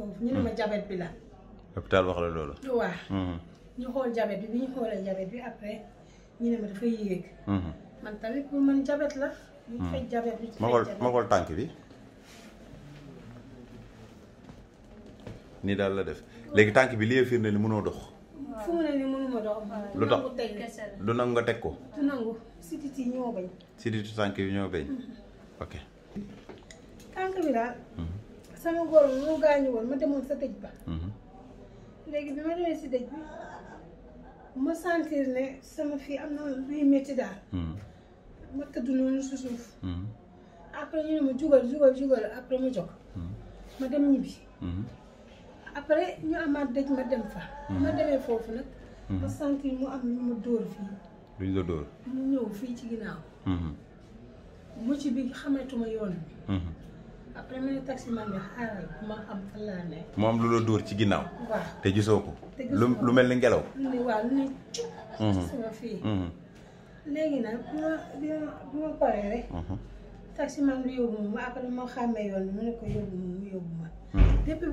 foofu ñu ne ma hmm. jabet bi la. hôpital wax la loolu. Hmm. ñu bi bi ñu xoolee bi après ñu ne ma dafa yéeg. Hmm. man tamit pour man jabet la. ñu bi. ma xool ma bi. nii daal la def léegi tànk bi liy firnde ni mënoo dox. fu mu ne nii mënuma dox. lu tax du nangu nga teg ko. du nangu sidit ñoo bañ. ñoo bañ. Mm-hmm. ok. bi daal. sama góor moo gaañu woon ma demoon sa tëj ba mhm. léegi bi ma demee si dëj bi ma sentir ne sama fii am na luy métti daal mhm. ma tëdd noonu si suuf mhm. après ñu ne ma jugal jugal jugal après ma jóg ma dem ñibbi après ñu amaat dëj ma dem fa ma demee foofu nag ma sentir mu am lu ma dóor fii lu la dóor mu ñëw fii ci ginnaaw mucc bi xamatuma yoon bi après ma ne taximan bi xaaral ma xam fan laa ne. mu lu la dóor ci ginnaaw. te gisoo ko. lu lu mel ni ngelaw. lu ne ci mhm. sama fii. Mhm. léegi nag bi ma bi ma mu yóbbu ma. Mhm. depuis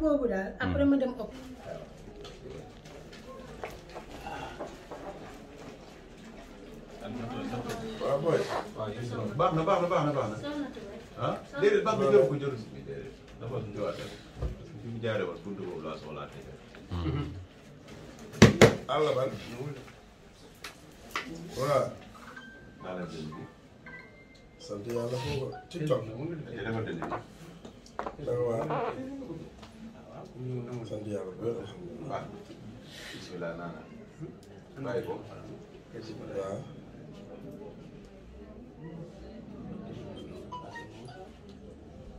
baax na baax na baax na baax na. ah déedéet bàq bi jëru ko jëru si bi déedéet dafa am ñëwaat rek parce que fi mu jaaree woon buntu boobu laa soxlaa tey rek. Hmm. àll ba. voilà. naa leen jënd bi. sant yàlla foofu TikTok. dafa dëgg. dara waaw. sant yàlla bu wér alhamdulilah. bisimilah naana. bàyyi ko. waaw.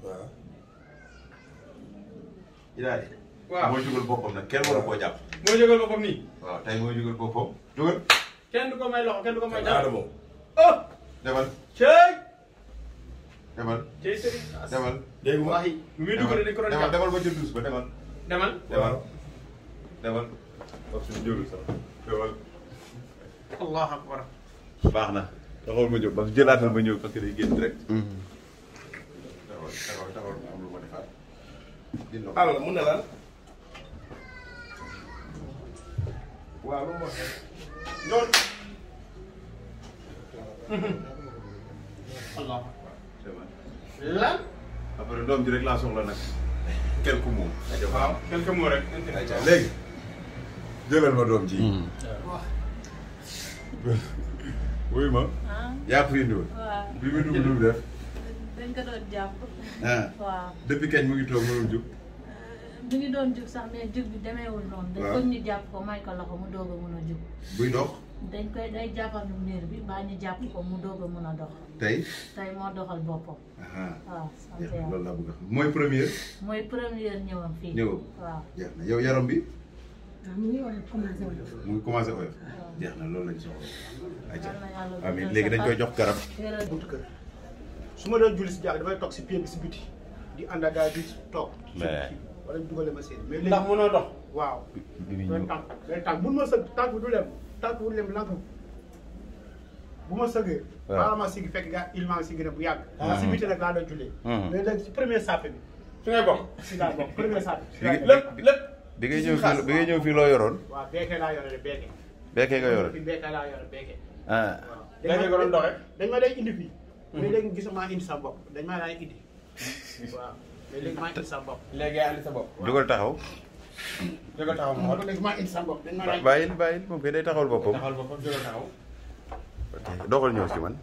waaw. Idaali. waaw moo jógal boppam nag kenn waru koo jàpp. moo jógal boppam nii. waaw tey moo jógal boppam jógal. kenn du ko may loxo kenn du ko may. jàpp moom. oh. demal. ceeb. demal. demal demal demal. demal demal. demal. wax suñu jógul sax baax na. taxawal ma jóg ba jëlaatal ma ñëw parce que génn direct. Mm-hmm. d'accord d'accord ma ko alors mun na la. waaw lu doom ji rek laa ma hmm. ah. yaa ko fi indiwoon. bi mu dugg dugg def. dañ ko doon jàpp. Ah. waaw depuis kañ mu ngi toog mënul jug. ko mu doog a mun buy dox. dañ koy day bi baa ñu ko mu doog a a dox. tey tey doxal boppam. mooy premier mooy première ñëwam fii. ñëwam waaw jeex na yow yaram bi. Ah, mu ngi commencé oyof. mu jeex na loolu lañ soxla. ayca amiin léegi dañ koy jox garab. su ma doon julli si jàkk damay toog si pied bi si biti di ànd ak gars bi toog. wala ñu dugalee ma seen. mais léegi ndax mënoo dox. waaw. dinañ tànk day tànk ma sëg tànk bi du lem tànk bu lem lank bu ma sëgee. waaw maanaam ma sigi fekk nga il ma sigi na bu yàgg. Mm-hmm. si biti nag laa doon jullee. Mm-hmm. mais léegi si premier bi. ngay bokk si ñëw fii bi ngay ñëw fii loo yoroon. waaw beekee laa yore beekee. beekee nga yore beekee laa yore beekee. ah. dañ ma doon doxee mais léegi gisuma indi sa bopp dañ maa daan indi waaw mais léegi maa indi sa bopp. léegi indi sa bopp. jógal taxaw. jógal taxaw mu xool léegi maa indi sa bopp dañ maa daan bàyyil bàyyil moom kay day taxawal boppam. taxawal boppam jógal taxaw. ok doxal ñëw si man.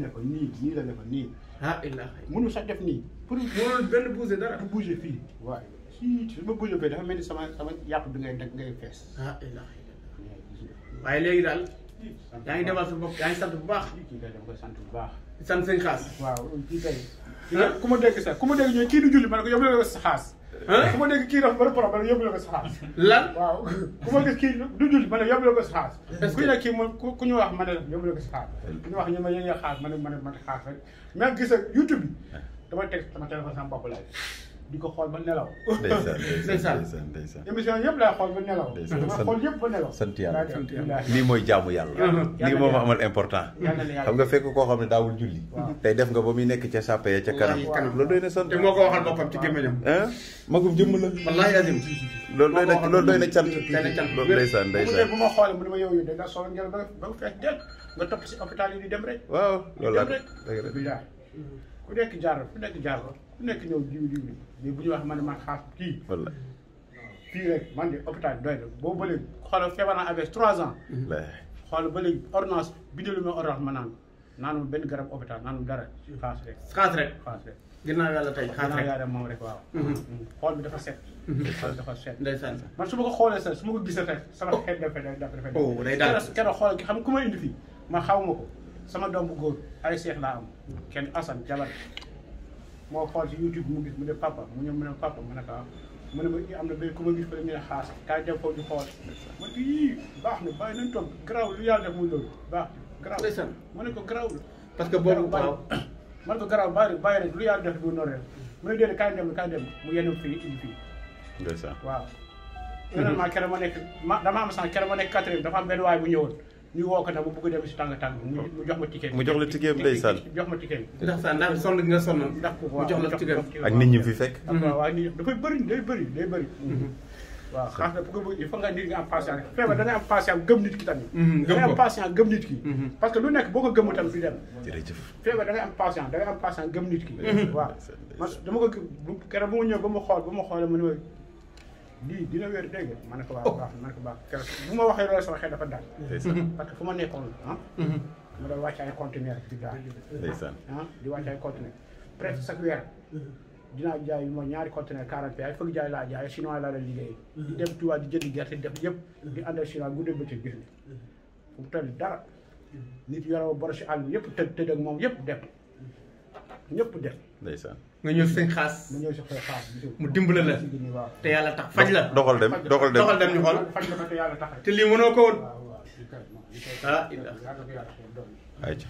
ne ko nii nii la ne ko nii. ah illah mënu sax def nii. pour mënul benn bouger dara. du bouger fii waaw si su ma bouger fii dafa mel ni sama sama yàpp bi ngay ngay fees. ah illah waaye léegi daal. yaa ngi demal sa bopp yaa ngi sant bu baax. sant bu baax. sant sëñ xaas. waaw kii kay. ku ma dégg sax ku ma dégg ñooy kii du julli ma ne ko yóbbu la ko sa xaas. ku ma dégg kii dafa bëri problème ma ne yóbbu la ko sa xaas. lan waaw ku ma gis kii du julli ma ne yóbbu la ko sa xaas. est-ce que ku ñu ne kii moom ku ñu wax ma ne yóbbu la ko sa xaas. ku ñu wax ñu ma yéen a xaas ma ne ma ne ma xaas rek mais gis nga YouTube bi dama teg sama téléphone sama bopp laay. di ko xool ba nelaw. ndeysaan ndeysaan ndeysaan émission yëpp laay xool ba nelaw. ndeysaan xool yëpp ba nelaw. sant yàlla lii mooy jaamu yàlla. lii moom amal important. xam nga fekk koo xam ne daawul julli. tey def nga ba muy nekk ca sàppe ya ca kanam. loolu doy na sant te moo ko waxal boppam ci gémmiñam. magum jëmm la. wallaahi azim. loolu doy na loolu doy na cant. doy na cant loolu ndeysaan ndeysaan. bu ma xoolee mu ne ma yow yi da nga soxla ngeen ba ba mu fees dell nga topp si hôpital yi di dem rek. waaw loolu la ku nekk jaar ku nekk jaar ku nekk ñëw jiw jiw bi mais bu ñu wax man man xaas kii. wallaay kii rek man de hôpital doy na boo ba léegi xoolal feebar naa avec trois ans. xool ba léegi ordonnance bindalu ma ordonnance ma naan naanum benn garab hôpital naanum dara xaas rek. xaas rek xaas rek. ginnaaw yàlla tey xaas rek ginnaaw yàlla moom rek waaw. Mhm. xool bi dafa set. xool dafa set ndeysaan man su ma ko xoolee sax su ma ko gisee rek sama xel dafa dafa dafa. oh day daal keroog xool gi xam ku ma indi fii ma xaw ma ko. sama doom bu góor ay seex laa am kenn Assane jabar moo xool ci YouTube mu gis mu ne papa mu ñëw mu ne papa mu ne ko ah. am na benn ku ma gis fa dañuy xaas kaay dem foofu ñu xool ma ne yii baax na bàyyi nañ toog garaaw lu yàlla def muy loolu baax garaaw mu ne ko garaaw parce que boobu waaw man ko garaaw bàyyi bàyyi rek lu yàlla def du noreel mu ne déedéet kaay dem kaay mu yenn fii indi fii ndeysaan waaw événement mhm. keroog ma nekk ma dama am sànq keroog ma nekk quatrième dafa am benn waay mu ñëwoon ñu woo ko nag mu bëgg dem si tàng tàng bi mu nit ñi fi fekk dafay bëri day bëri day bëri mhm. nga nit nga am patience gëm nit ki mhm, mhm. parce que lu nekk boo ko gëmu tamit du dem jërëjëf feebar da ngay am patience da am patience gëm nit ki dama ko keroog bu ma ñëw ba ma xool ba ma xoole ma ne lii dina wér dégg nga ma ne ko baax baax ma ne ko baax keroog bu ma waxee loolu sama xel dafa daal. parce que fu ma nekkoon ah. Mhm. ma doon wàcc ay conteneur di daal. ndeysaan ah di wàcc ay conteneur presque chaque weer. Mhm. dinaa jaay mooy ñaari conteneur quarante ay fëgg jaay laa jaay chinois laa la liggéey. Mhm. di dem Touba di jënd gerte def yëpp. di àndal chinois guddee bëccëg gis nga. fu mu toll dara. nit yoroo bor si àll yëpp tëdd tëdd ak moom yëpp dem. ñépp dem. ndeysaan nga ñëw si xaas. nga ñëw si xaas mu dimbali la. te yàlla tax faj la. doxal dem doxal dem doxal dem ñu xool. faj la te yàlla tax te lii mënoo ko woon. ah.